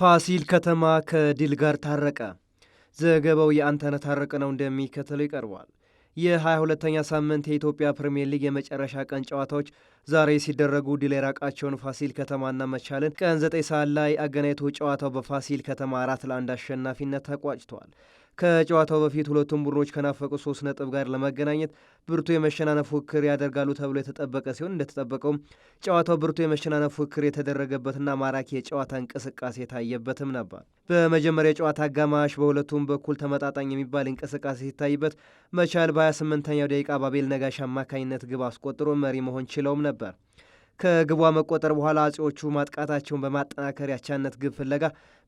ፋሲል ከተማ ከድል ጋር ታረቀ። ዘገባው የአንተነህ ታረቀ ነው፣ እንደሚከተለው ይቀርባል። የ22ኛ ሳምንት የኢትዮጵያ ፕሪምየር ሊግ የመጨረሻ ቀን ጨዋታዎች ዛሬ ሲደረጉ ድል የራቃቸውን ፋሲል ከተማና መቻልን ቀን 9 ሰዓት ላይ አገናኝቶ ጨዋታው በፋሲል ከተማ አራት ለአንድ አሸናፊነት ተቋጭቷል። ከጨዋታው በፊት ሁለቱም ቡድኖች ከናፈቁ ሶስት ነጥብ ጋር ለመገናኘት ብርቱ የመሸናነፍ ፉክክር ያደርጋሉ ተብሎ የተጠበቀ ሲሆን እንደተጠበቀውም ጨዋታው ብርቱ የመሸናነፍ ፉክክር የተደረገበትና ማራኪ የጨዋታ እንቅስቃሴ የታየበትም ነበር። በመጀመሪያ የጨዋታ አጋማሽ በሁለቱም በኩል ተመጣጣኝ የሚባል እንቅስቃሴ ሲታይበት መቻል በ28ኛው ደቂቃ ባቤል ነጋሽ አማካኝነት ግብ አስቆጥሮ መሪ መሆን ችለውም ነበር። ከግቧ መቆጠር በኋላ አጼዎቹ ማጥቃታቸውን በማጠናከር ያቻነት ግብ ፍለጋ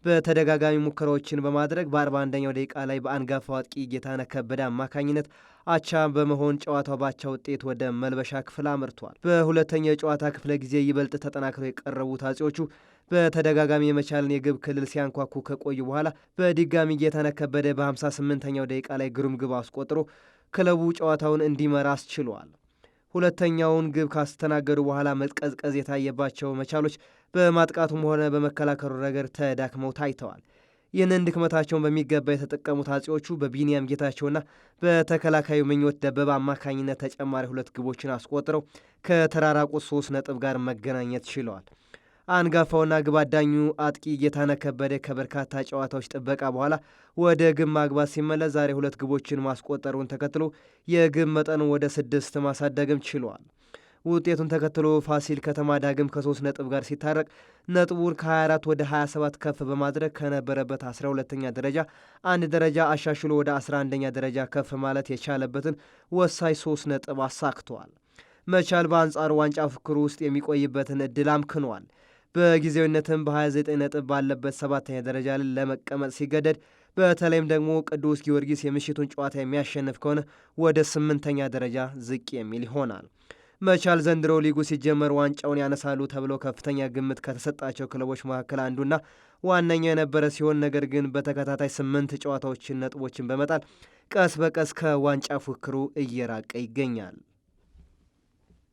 በተደጋጋሚ ሙከራዎችን በማድረግ በ 41 ደቂቃ ላይ በአንጋፋው አጥቂ ጌታነህ ከበደ አማካኝነት አቻ በመሆን ጨዋታው ባቻ ውጤት ወደ መልበሻ ክፍል አምርቷል። በሁለተኛው የጨዋታ ክፍለ ጊዜ ይበልጥ ተጠናክረው የቀረቡት አጼዎቹ በተደጋጋሚ የመቻልን የግብ ክልል ሲያንኳኩ ከቆዩ በኋላ በድጋሚ ጌታነህ ከበደ በ58ኛው ደቂቃ ላይ ግሩም ግብ አስቆጥሮ ክለቡ ጨዋታውን እንዲመራ አስችሏል። ሁለተኛውን ግብ ካስተናገዱ በኋላ መጥቀዝቀዝ የታየባቸው መቻሎች በማጥቃቱም ሆነ በመከላከሉ ነገር ተዳክመው ታይተዋል። ይህንን ድክመታቸውን በሚገባ የተጠቀሙት አጼዎቹ በቢኒያም ጌታቸውና በተከላካዩ ምኞት ደበበ አማካኝነት ተጨማሪ ሁለት ግቦችን አስቆጥረው ከተራራቁት ሶስት ነጥብ ጋር መገናኘት ችለዋል። አንጋፋውና ግብ አዳኙ አጥቂ ጌታነ ከበደ ከበርካታ ጨዋታዎች ጥበቃ በኋላ ወደ ግብ ማግባት ሲመለስ ዛሬ ሁለት ግቦችን ማስቆጠሩን ተከትሎ የግብ መጠኑ ወደ ስድስት ማሳደግም ችሏል። ውጤቱን ተከትሎ ፋሲል ከተማ ዳግም ከሶስት ነጥብ ጋር ሲታረቅ ነጥቡን ከ24 ወደ 27 ከፍ በማድረግ ከነበረበት 12ኛ ደረጃ አንድ ደረጃ አሻሽሎ ወደ 11ኛ ደረጃ ከፍ ማለት የቻለበትን ወሳኝ ሶስት ነጥብ አሳክተዋል። መቻል በአንጻሩ ዋንጫ ፍክሩ ውስጥ የሚቆይበትን እድል አምክኗል። በጊዜያዊነትም በ29 ነጥብ ባለበት ሰባተኛ ደረጃ ላይ ለመቀመጥ ሲገደድ በተለይም ደግሞ ቅዱስ ጊዮርጊስ የምሽቱን ጨዋታ የሚያሸንፍ ከሆነ ወደ ስምንተኛ ደረጃ ዝቅ የሚል ይሆናል። መቻል ዘንድሮ ሊጉ ሲጀመር ዋንጫውን ያነሳሉ ተብሎ ከፍተኛ ግምት ከተሰጣቸው ክለቦች መካከል አንዱና ዋነኛው የነበረ ሲሆን ነገር ግን በተከታታይ ስምንት ጨዋታዎችን ነጥቦችን በመጣል ቀስ በቀስ ከዋንጫ ፉክክሩ እየራቀ ይገኛል።